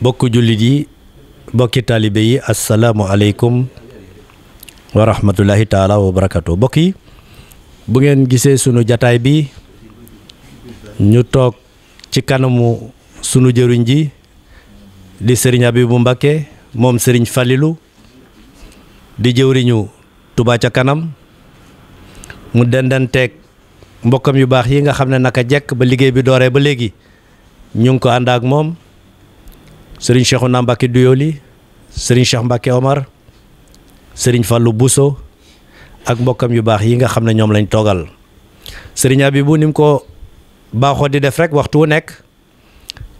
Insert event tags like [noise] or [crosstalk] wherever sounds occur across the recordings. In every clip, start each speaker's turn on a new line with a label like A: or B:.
A: bokk jullit yi bokki taalibe yi asalaamualeykum wa rahmatullahi taala wa barakatu bokk yi bu ngeen gisee sunu jataay bi ñu toog ci kanamu sunu jëriñ ji di sëriñ bu Mbakke moom sëriñ Falilu di jëwriñu tubaa ca kanam mu dendanteeg mbokkam yu baax yi nga xam ne naka jekk ba liggéey bi dooree ba léegi ñu ngi ko ànd ak moom sëriñ Cheikhouna Mbacke Doyoly sëriñ Cheikh Mbacke Omar sëriñ Fallou Bousso ak mbokkam yu baax yi nga xam ne ñoom lañ toogal sëriñ bi ni mu ko baaxoo di def rek waxtu wu nekk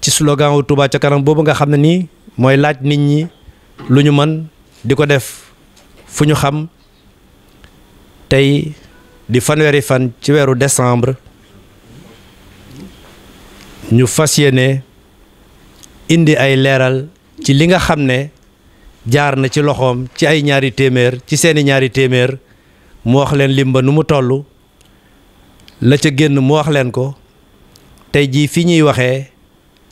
A: ci slogan wu Touba ca kanam boobu nga xam ne nii mooy laaj nit ñi lu ñu mën di ko def fu ñu xam tey di fanweeri fan ci weeru décembre ñu fas yéene indi ay leeral ci li nga xam ne jaar na ci loxoom ci ay ñaari téeméer ci seeni ñaari téeméer mu wax leen limba nu mu toll la ca génn mu wax leen ko tey jii fi ñuy waxee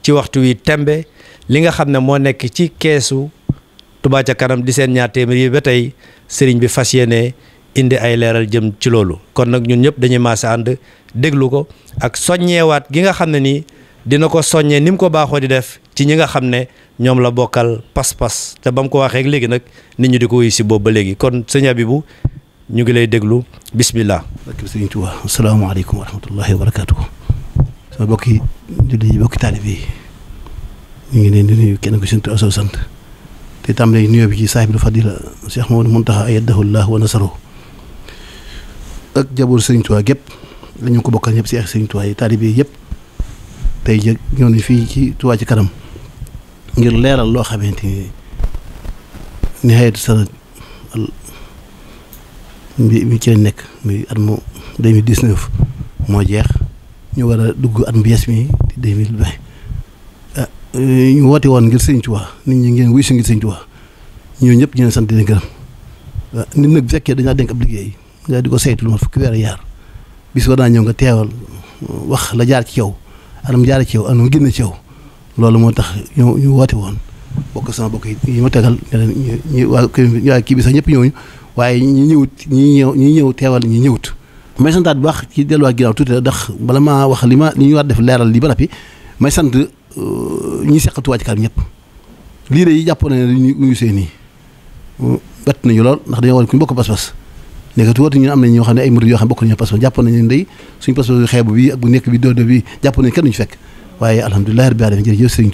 A: ci waxtu wi tembe li nga xam ne moo nekk ci keesu Touba ca kanam di seen ñaar téeméer yi ba tey sëriñ bi fas yéene indi ay leeral jëm ci loolu kon nag ñun ñëpp dañuy maase ànd déglu ko ak soññeewaat gi nga xam ne nii dina ko soññee ni mu ko baaxoo di def ci ñi nga xam ne ñoom la bokkal pas-pas te ba mu ko waxee léegi nag nit ñi di ko wuyu si boobu ba léegi kon sëñ Abibu ñu ngi lay déglu bismillah. ak sëñ Tuubaa
B: asalaamaaleykum wa rahmatullahi wa barakaatu. sama bokki julli yi bokki taalib ngi leen di nuyu kenn ku si sant te tàmbalee nuyoo bi ci saahibul fadila Cheikh Mamadou Muntaxa ayyadahu llah wa nasaro ak jaboor sëñ Tuubaa gépp la ñu ko bokkal ñëpp si ak sëñ Tuubaa yi taalib yi yëpp. tey jëg ñoo ne fii ci Touba ci kanam ngir leeral loo xamante ni nihaayatu sanad bi mi ci nekk muy at mu 2019 moo jeex ñu war a dugg at mu bees mi di 2020 ah ñu woote woon ngir Sëñ Touba nit ñi ngeen wuy si ngir Sëñ Touba ñoo ñëpp ñu sant dina gërëm ah, nag bu dañaa dénk liggéey di ko saytu lu ma fukki weer yaar ñëw nga teewal wax la jaar ci yow aram jaare ci na anum génn ci loolu moo tax ñu ñu woote woon bokk sama bokk yi ma tegal ñu kii bi sax ñëpp ñëwuñu waaye ñi ñëwut ñu ñëw ñi ñëw teewal ñu ñëwut may santaat bu baax ci delluwaat ginnaaw tuuti la ndax bala maa wax li ma li ñu war def leeral li ba noppi may sant euh, ñi seqatuwaa ci kanam ñëpp lii de yi jàppoon na ne ñu seen nii bett nañu lool ndax dañoo woon ku bokk pas-pas nekkatu woote ñun am nañ ñoo xam ne ay murid yoo xam ne bokk nañu pas jàpp nañ ne day suñu pas xeebu bi ak bu nekk bi doodo bi jàpp nañ kenn duñu fekk waaye alhamdulilah rabbil alamin jërëjëf Sëriñ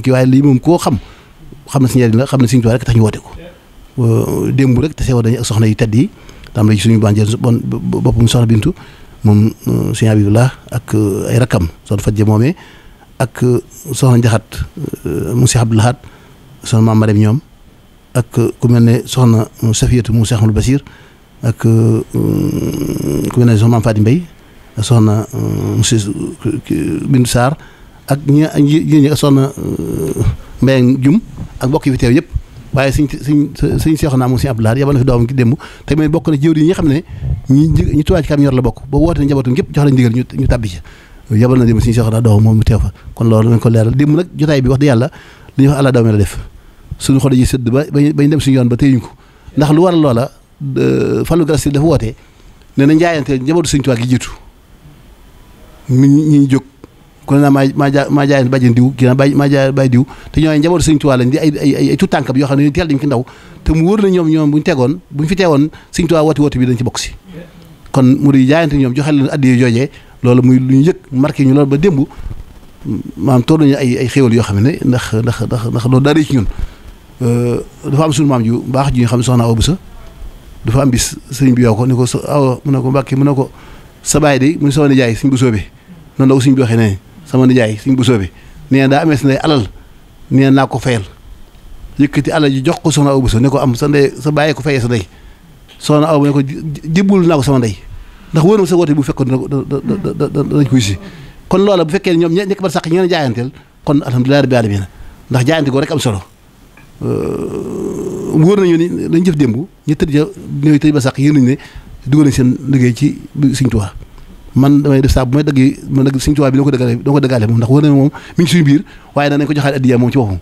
B: ki waaye lii moom koo xam xam na si njëriñ la xam na Sëriñ ñu woote ko démb rek te soxna bintu moom Sëriñ Abibullah ak ay rakkam soxna Fajje moomee ak euh, soxna Njaxate euh, mu Seex Abdul Ahad soxna ñoom ak euh, ku mel ne soxna Safiyatu mu Seex Axmadu Basiir ak ku mel ne soxna maam Mbay soxna monsieur Bindu Sarr ak ak mbokk yi fi teew yëpp waaye suñ suñ na fi doomam gi démb te may bokk na jiw yi ñi xam ne ñi ñi Touba Ca Kanam ñor la bokk ba woote na njabootam yëpp ñu tàbbi ci yabal na dem suñu soxla doo moom mu teew fa kon loolu lañ ko leeral démb nag jotaay bi wax yàlla li ñuy wax àlla dawme la def suñu xol yi sëdd ba bañ dem suñu yoon ba téyuñ ko ndax lu waral loola Fallou Gallas dafa wootee ne na njaayante njabootu Sëñ Tuubaa gi jiitu mi ñi jóg ku ne naa maa maa jaa maa jaayante bàjjen diw kii naa bàyyi maa jaay bàyyi diw te ñooñu njabootu Sëñ Tuubaa lañ di ay ay ay tuut-tànk bi yoo xam ne teel dañ ki ndaw te mu wóor nañ ñoom ñoom buñ tegoon buñ fi teewoon Sëñ Tuubaa woote woote bi dañ ci bokk si kon mu di jaayante loolu muy lu ñu yëg marqué ñu loolu ba démb maam toll nañu ay ay xéwal yoo xam ne ndax ndax ndax ndax loolu daal ci ñun euh, dafa am suñu maam ju baax ju ñu xam ne soxna Awa Boussa dafa am bis sëriñ bi yoo ko ko sa awa mu ne ko mbàkke mu ne ko sa baay di mu ne sama nijaay suñ bu soobee noonu la ko bi waxee nee sama nijaay suñ bu soobee nee na daa amee sa ndey alal nee naa ko fayal yëkkati alal ji jox ko soxna Awa Boussa ne ko am sa ndey sa bàyyi ko fayee sa ndey soxna aw mu ne ko jébbul naa ko sama ndey ndax wóor na sa bu fekkoon da dañ koy si kon loola bu fekkee ñoom ñekk bar sàq ñi ngeen jaayanteel kon alhamdulilah rabbi alamina ndax jaayante ko rek am solo wóor nañu ni lañ jëf démb ñu ja ñooy tëj ba sàq yéen nañu ne dugal nañ seen liggéey ci Sëñ Tuubaa man damay def saa bu may dëgg ma dëgg Sëñ Tuubaa bi doo ko dëggale doo ko moom ndax suñu biir waaye danañ ko joxaat addiya moom ci boppam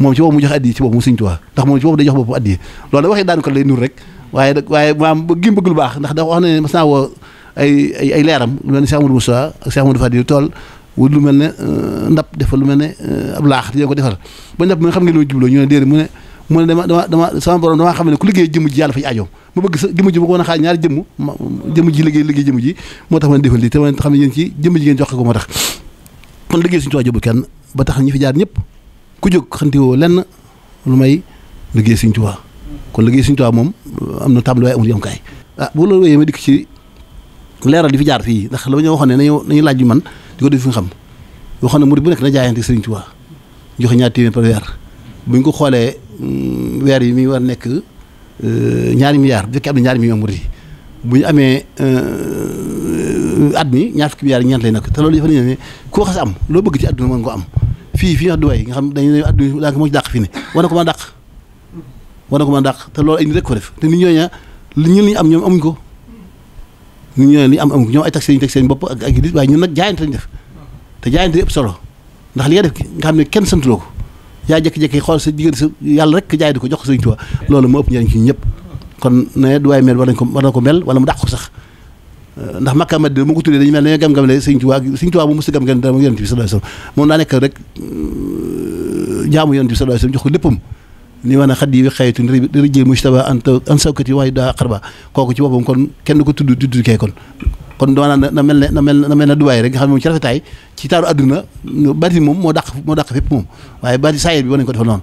B: moom ci boppam mu joxe addiya ci boppam mu Sëñ Tuubaa ndax moom ci boppam day jox boppam addiya loolu da daan ko lay nur rek waaye nag waaye maam ba gim bëgg lu baax ndax dafa wax ne mas naa woo ay ay leeram lu mel ne Cheikh Amadou Moussa ak Cheikh Amadou Fadi tool wut lu mel ne euh, ndab defal lu mel ne euh, ab laax di ko defal ba ndab mu xam ngeen lu ma jubloo ñu ne déedéet mu ne mu ne dama dama sama borom damaa xam ne ku liggéey jëmm ji yàlla fay ajoom ma bëgg sa jëmm ji ma ko mën a xaaj ñaari jëmm jëmm ji liggéey liggéey jëmm ji moo tax ma ne defal lii te ma xam ne yéen ci jëmm ji ngeen joxe ko moo tax kon liggéey suñu tuwaa jubul kenn ba tax ñi fi jaar ñëpp ku jóg xantiwoo lenn lu may liggéey suñu tuwaa kon liggéey Sëriñ Tuubaa moom am na tàmbali waaye amul yomkaay ah bu loolu wéyee ma dikk ci leeral di fi jaar fii ndax la ma ñoo waxoon ne nañu nañu laaj bi man di ko def nga xam ne murid bu nekk na jaayante Sëriñ Tuubaa joxe ñaar téeméer par weer bu ñu ko xoolee mm, weer yi mi war nekk euh, ñaari milliards bu fekkee am na ñaari millions yi amee euh, at mi ñaar fukki milliards ñeent lay nekk te loolu dafa ne ne koo xas am loo bëgg ci àdduna mën nga ko am fii fii nga xam Dubaay nga xam dañu ne àdduna daa ko moo dàq fii ne war ko mën dàq war na ko mën a dàq te loolu ay nit rek ko def te nit ñooñu ah li ñun li am ñoom amuñ ko nit ñooñu li am amuñ ko ñoom ay tax seen teg seen bopp ak ak ñu waaye ñun nag jaayante lañ def te jaayante ëpp solo ndax li nga def nga xam ne kenn santuloo ko yaa jékki-jékki xool sa jigéen sa yàlla rek jaay ko jox ko Sëriñ Tuubaa loolu moo ëpp njëriñ ñëpp kon ne du waay mel war ko war ko mel wala mu dàq ko sax ndax Makka Madina mu ko tuddee dañu mel ne gam-gam le Sëriñ Tuubaa Sëriñ Tuubaa mu mës a gam-gam dara moom yonent bi sallallahu alayhi wasallam daa nekk rek euh, jaamu yonent bi sallallahu alayhi wasallam jox ko léppam ni wana xaddi wi xayatun rijil mujtaba an sawkati waaye daa xarba kooku ci boppam kon kenn ko tudd tudd kay kon kon maanaam na mel ne na mel na mel ne Dubaay rek nga xam ne moom ci rafetaay ci taaru àdduna bati moom moo dàq moo dàq fépp moom waaye bati saayir bi war nañ ko defal noonu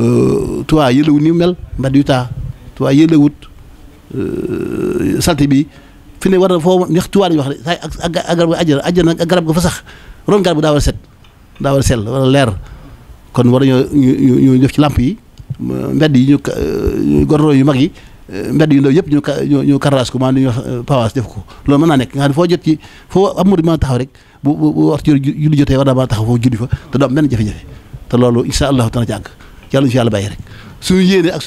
B: euh, tuwaa yëlawut ni mel mbat yu taa tuwaa yëlawut euh, salte bi fi ne war na foo neex tuwaa lañu wax de saay ak ak garab ga fa sax ron garab ga daa war a set daa war a sell war a leer kon war nañoo ci làmp yi mbedd yi ñu euh, gorro yu mag yi euh, mbedd yu ndaw yëpp ñu ñu ñu karraas ko maanaam ñu wax euh, pawaas def ko loolu mën naa nekk nga xam ne foo jot ci foo am murid mën a taxaw rek bu bu waxtu julli jotee a taxaw foofu julli fa te du am benn jafe-jafe te loolu insha allahu taala ci àgg yàlla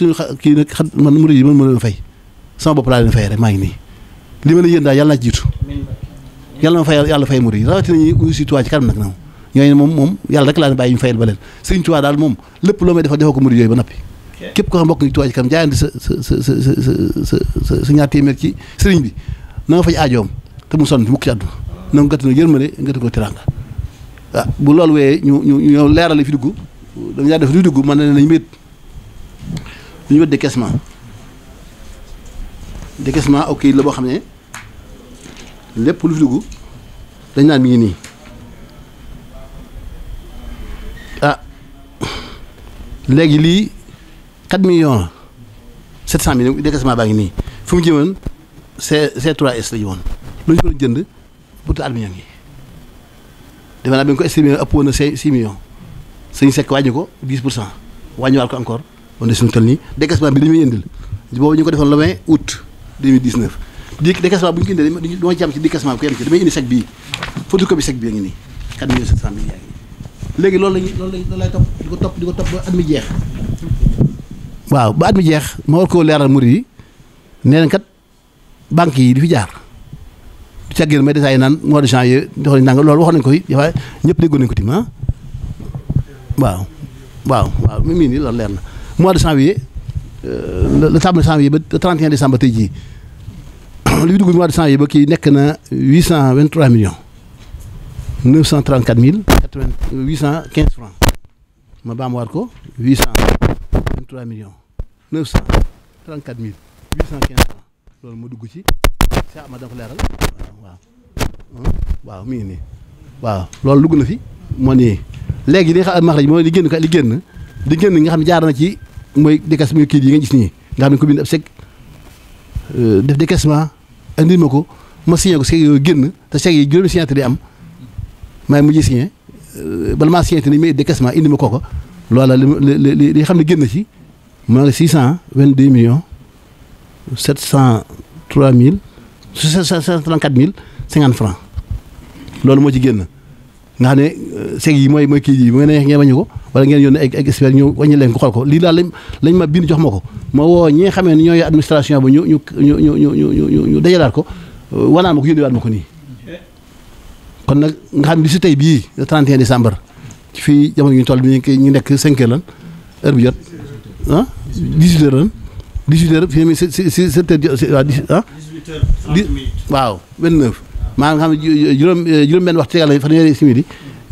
B: ñu xam man murid yi man ma leen fay sama bopp laa leen fay rek maa ngi nii li ma la yéen daal yàlla naa ci jiitu yàlla ma fay yàlla fay murid yi rawatina ñi ñu tuwaa ci kanam nag ñooñu moom moom yàlla rek laa ne bàyyi ñu fayal ba leen sëñ Tuubaa daal moom lépp loo may defal defal ko murid yooyu ba noppi képp ko xam bokk ni Tuubaa ci kanam sa sa sa sa sa sa sa sa ci sëriñ bi na nga faj aajoom te mu sonn mukk ci àdduna na nga gàttanoo yërmande nga gàttanoo teraanga ah, bu loolu wee ñu ñu ñëw leeral li fi dugg def li dugg na nañu wét lu ñu wét décaissement la boo xam ne lépp lu fi dugg dañ naan mi ngi nii léegi lii 4 million set 700 mille décaissement baa ngi nii fu mu jëmoon C C3S la ñu lu ñu ko doon jënd bu taal millions yi defe naa bi nga ko estimé ëpp a na 6 millions suñu sekk wàññi ko 10 pour cent wàññiwaat ko encore on est suñu toll nii décaissement bi dañu may indil boobu ñu ko defoon le 20 août 2019 di décaissement bu ñu ko indee dañu dañoo ci décaissement bi ko yem ci damay indi chèque bii photocopie chèque bii a ngi nii 4 millions 700 mille yaa léegi loolu lañu loolu lañ lay topp di ko topp di ko topp ba at jeex waaw ba at ma war koo leeral murid yi nee na kat banque yi di fi jaar du caggéen may desaay naan mois de janvier dox nañ nanga loolu waxoon nañ ko fi dafaa ñëpp déggoon nañ ko tim ah waaw waaw waaw mii nii loolu leer na mois de janvier euh, le table janvier ba le 31 décembre tey jii [coughs] li fi dugg mois de janvier ba kii nekk na million millions 934 mille quatre-vingt cent quinze francs ma baamuwaat ko huit cent vingt-trois millions neuf cent trente-quatre mille loolu ma dugg ci Cheikh ma dafa leeral waaw waaw mi ngi nii waaw loolu dugg na fi moo nii léegi li nga xam maxraj mooy li génn li génn di génn nga xam ne jaar na ci mooy décaissement muy kii yi nga gis nii nga xam ne ko bind ab chèque euh, def décaissement indi ma ko ma signé ko chèque yooyu génn te chèque yi juróomi signataire yi am maay mujj signé Euh, bala maa seenti nañ may décaissement indi ma ko ko li la li xam ne génn ci moo ngi six cent vingt deux millions sept cent trois mille sept cent trente quatre mille cinquante francs loolu moo ci génn nga xam ne euh, seeg yi mooy mooy kii yi mooy neex ngeen wàññi ko wala ngeen yónnee ay ay ñu wàññi leen ko xool ko lii daal lañ ma bind jox ma ko ma woo ñi nga xamee ne ñooy administration ba ñu ñu ñu ñu ñu ñu ñu dajalaat ko euh, wanaa ma ko yónniwaat ma ko nii kon nag nga xam ne si tey bii le 31 décembre ci fii jamono ñu toll bi ñu nekk 5 heures lan heure bi jot ah 18 heures waaw 18 ah. maa nga xam ne juróom euh, juróom-benn waxtu yàlla fanweeri simili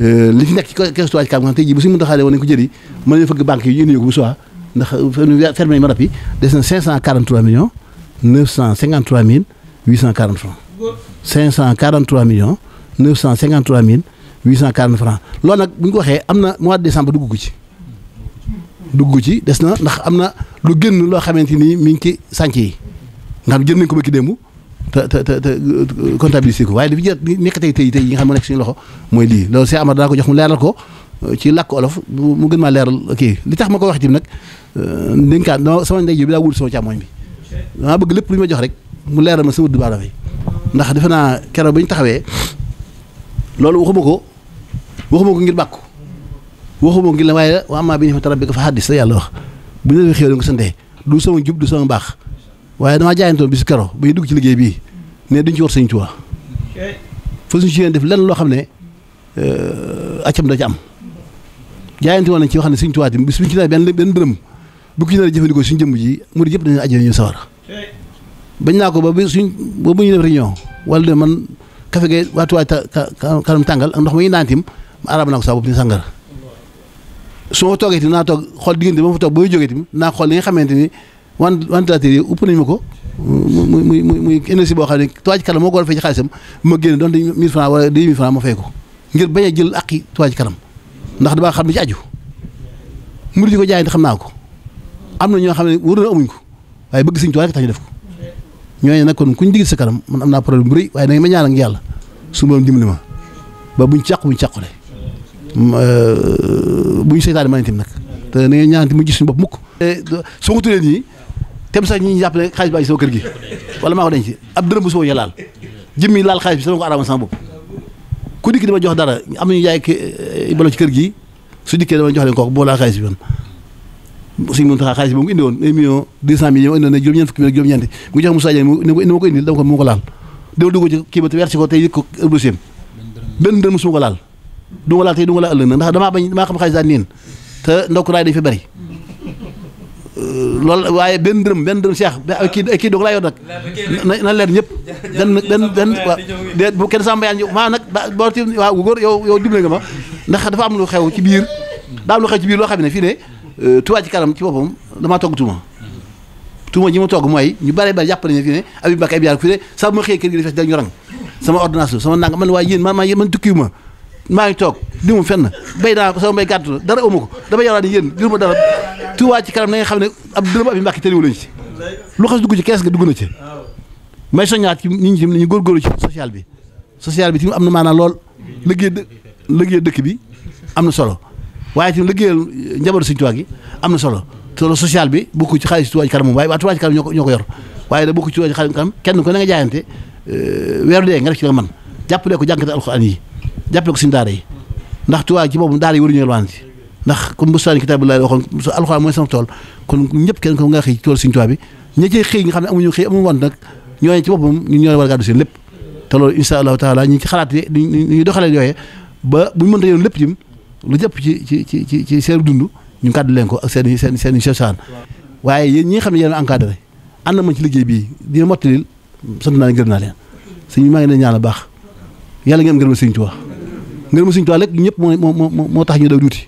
B: euh, li ci nekk ci keesu Touba Ca Kanam nga xam tey jii bu si mën a xaaree woon nañu ko jëri mën nañu fëgg banque yi ñu indi ko bu soir ndax fermé nañu marab yi des na 543 millions 953 mille 840 francs 543 millions neuf cent cinquante trois mille huit cent quarante francs loolu nag bu ñu ko waxee am na mois de décembre dugg ci dugg ci des na ndax am na lu génn loo xamante ni mi ngi ci sànc yi nga xam jël nañ ko ba ki démb te te te euh, comptabiliser ko waaye dafa jël nekk tey tey tey yi nga xam ne moo nekk suñu loxo mooy lii loolu see Amar danaa ko jox mu leeral ko euh, ci làkk olof mu gën maa leeral kii li tax ma ko wax ci nag euh, ndénkaan non sama ndey bi daa wut sama càmmoñ bi damaa bëgg lépp lu ma jox rek mu leeral ma sama dubaara ndax defe taxawee loolu waxuma ko waxuma ko ngir bàkku waxuma ko ngir la waaye la wa amaa bi ni'mati rabbika fa haddis la yàlla wax bu ñu la xéewal nga santee du sama jub du sama baax waaye damaa jaayantoon bi si karo ba ñu dugg ci liggéey bii ne duñ ci war Sëñ Tuubaa fa suñu def lenn loo xam ne euh, accam da ci am jaayante woon nañ ci wax ne Sëñ Tuubaa bi suñ ci nawet benn benn dërëm bu ko ci nawet jëfandikoo suñu jëmm ji murid yëpp dañu ajjee ñu sawar bañ naa ko ba bi suñ ba bu ñu def réunion wala de man kafe ge waa Tuubaa kanam tàngal ak ndox mi ñu naan tim ma arab ko saa bopp toogee tim naa toog xool diggante booy jógee tim naa xool xamante wan ventilateur yi upp nañ ko muy muy muy muy énergie boo xam ne Tuubaa ci kanam moo a fay ci xaalisam ma génn doon dañ 1000 ko ngir bañ a jël aqi Tuubaa ci ndax damaa xam ne ci xam naa ko am na ñoo xam ne wóor amuñ ko waaye bëgg Sëñ Tuubaa rek tax def ko ñooñu nag kon kuñ digil sa kanam man am naa problème bu rëy waaye nag ma ñaan ak yàlla su ma dimbali ma ba bu buñ càq buñ càqule euh, buñ seytaane mën itam nag te na ngeen ñaanati mu gis bopp mukk. soo ko turee nii tem sax ñi ñu jàpp ne xaalis baa ngi kër gi wala maa ko denc ab dërëm bu soo ñu laal jëmmi laal xaalis bi sama ko araamal bopp ku dikk dama jox dara am nañu yaay ki eh, ci kër gi su dikkee jox leen kooku boo laal xaalis bi suñu Muntaxa xaalis bi mu indi woon un million deux cent millions indi woon ne juróom-ñeent fukki million juróom-ñeenti mu jox Moussa Diagne ne ko indi ma ko indil dama ko mu ko laal dama dugg ci kii ba te weer si ko tey yëg ko ëblusiam benn dërëm musuma ko laal du ma laal tey du ma laal ëllëg nag ndax damaa bañ damaa xam xaalis daan niin te ndokk raay dañ fi bari loolu waaye benn dërëm benn dërëm seex kii kii doog laa yor nag na leer ñëpp benn benn benn déet bu kenn sàmbayaan ñëw maa nag boo ti waaw góor yow yow dimbale nga ma ndax dafa am lu xew ci biir daa am lu xew ci biir loo xam ne fii ne Euh, Touba ci kanam ci boppam damaa togg tuuma tuuma ji ma togg mooy ñu bare bëri jàpp nañu fi ne Habib Mbacké ab yaar fi ne saa ma xëyee kër gi di fees dañu rang sama ordonnance sama nang man waaye yéen man maa man tukkiwu ma maa ngi toog di mu fenn béy naa ko sama mbéy gàtt la dara uma ko dama yowlaa ne yéen jur ma dara Touba ci kanam na nga xam ne ab dërëm Habib Mbacké tëriwu lañu ci lu xas dugg ci kees gi dugg na ci may soññaat ci nit ñu góor góorgóorlu ci social bi social bi tamit am na maanaa lool liggéey liggéey dëkk bi am na solo waaye itam liggéeyal njabootu Sëriñ Tuubaa gi am na solo solo social bi bokku ci xaalis Tuubaa ci kanam moom waaye waa Tuubaa ci kanam ñoo ko yor waaye da kenn ko na nga jaayante euh, weeru dee nga rek ci la man jàppale ko jànkate alxuraan yi jàppale ko suñu daara yi ndax Tuubaa ci boobu daara yi waruñu yalwaan ci ndax comme bustaani kitaab la waxoon alxuraan mooy sama tool kon ñëpp kenn ko nga xëy ci tool Sëriñ bi ña cey xëy nga xam ne amuñu xëy amuñu wante nag ñooñu ci ñoo war a gàddu seen lépp ci ba buñ mënta yoon lépp lu jëpp ci ci ci ci ci seen dund ñu kàddu leen ko ak seen seen seen i cosaan waaye yéen ñi nga xam ne yéen encadré ànd na ma ci liggéey bii dina mottalil sant naa leen gërëm naa leen sëñ bi maa ngi leen ñaan baax yàlla ngeen gërëm sëñ Tuubaa ngërëm sëñ Tuubaa rek ñëpp moo moo moo tax ñu daw duuti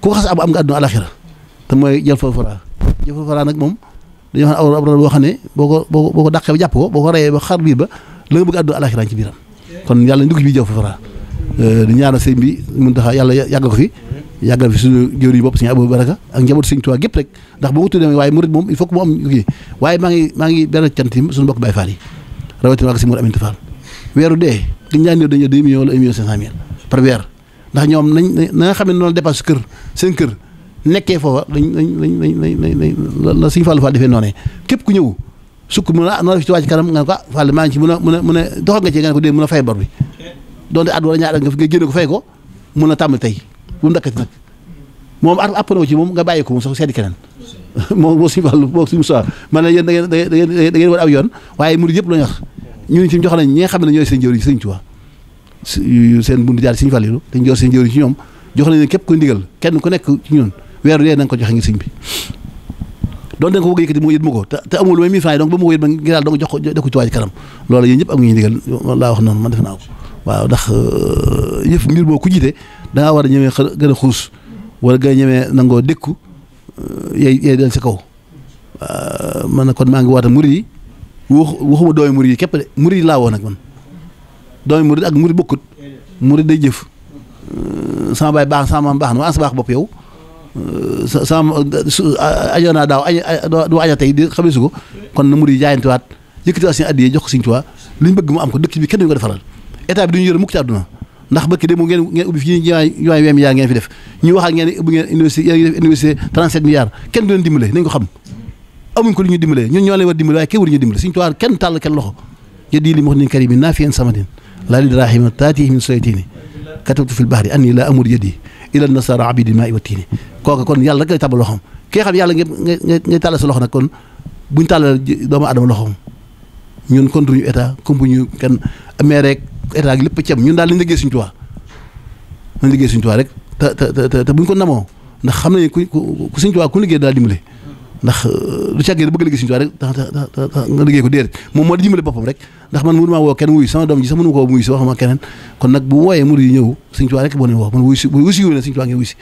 B: ku xas ab am nga àdduna alaxira te mooy jël fa fara jël fa fara nag moom dañoo xam ne aw rab boo xam ne boo ko boo ko dàqee ba jàpp ko boo ko reyee ba xar biir ba la nga bëgg àdduna alaxira ci biiram kon yàlla ndugg bi jël fa fara Euh, di ñaanal sëñ bi Muntaxa yàlla yàgg ko fi yàggal fi suñu jëwriñ bopp sëñ Abou Baraka ak njaboot sëñ Tuubaa gépp si par weer ndax ñoom nañ na nga xam ne noonu dépasse kër seen kër a nga ah, ci mën a mën a mën a doxal nga ci nga ne ko dee mën a fay bor bi donte at wala ñaar at nga fi nga génne ko fay ko mun a tàmbali tey bu mu dakkati nag moom at àpp na ci moom nga bàyyi ko moom sax seeti keneen [laughs] moom moo suñu wàllu moo suñu soxla man ne yéen da ngeen da ngeen da ngeen war aw yoon waaye murid yëpp la ñu wax ñun ci jox nañ ñi nga xam ne ñooy seen jëwriñ sëñ Tuubaa seen bunt jaar dañ jox seen jëwriñ ci ñoom jox nañ képp ku ndigal kenn ku nekk ci ñun weer na ko joxe ngir sëñ bi ko bëgg yëkkati mu yët ma ko te amul may mille francs donc ba ma ko yët ngi daal dong jox ko def ko ci waaj kanam loolu yéen ñëpp am ngi ndigal laa wax noonu man def naa ko waaw ndax euh, yëf mbir boo ku jiite war a ñemee gën a xuus wala gën a ñemee nangoo dékku euh, yay yay dal si kaw euh, man na kon maa ngi waata murid yi wax waxuma doomi murid yi képp de murid yi laa woon ak man doomi murid ak murid bokkut murid day jëf sama baay baax sama maam baax na waa sa baax bopp yow sama ajoon naa daaw doo aja tey di xamee su ko kon na murid yi jaayantiwaat yëkkatiwaat seen addiya jox ko Sëriñ Tuubaa li ñu bëgg mu am ko dëkk bi kenn état bi duñu yore mukk ci àdduna ndax bëkk de mu ngeen ubbi fii ñuwaay ñuwaay wee fi ñu ngeen ubbi ngeen université yéen def kenn du leen dimbale nañ ko xam amuñ ko lu ñu dimbalee ñun ñoo leen war dimbale waaye kenn waruñu dimbale suñu tuwaar kenn tàll kenn loxo yadi li muxnin karimin naafi'in samadin laa li daraahima taatihi min laa amud yadi ila nasara abidi maa wa tiini kooku kon yàlla rek lay tàbbal loxoom kii xam yàlla nga ngay tàllal sa loxo nag kon buñ tàllal doomu adama loxoom ñun contre ñu état comme bu état ak lépp ci am ñun daal lañ liggéey suñu Tuubaa lañ liggéey rek te te namoo ndax xam nañ ku ku suñu daal dimbale ndax euh, lu càggee da bëgg liggéey suñu Tuubaa rek tax nga liggéey ko déedéet moom moo dimbale boppam rek ndax man mënumaa woo kenn wuyu sama doom ji sax ko wuyu si waxuma keneen kon nag bu wooyee murid yi ñëw suñu rek boo woo man wuyu si wuyu si yóne ngeen wuyu si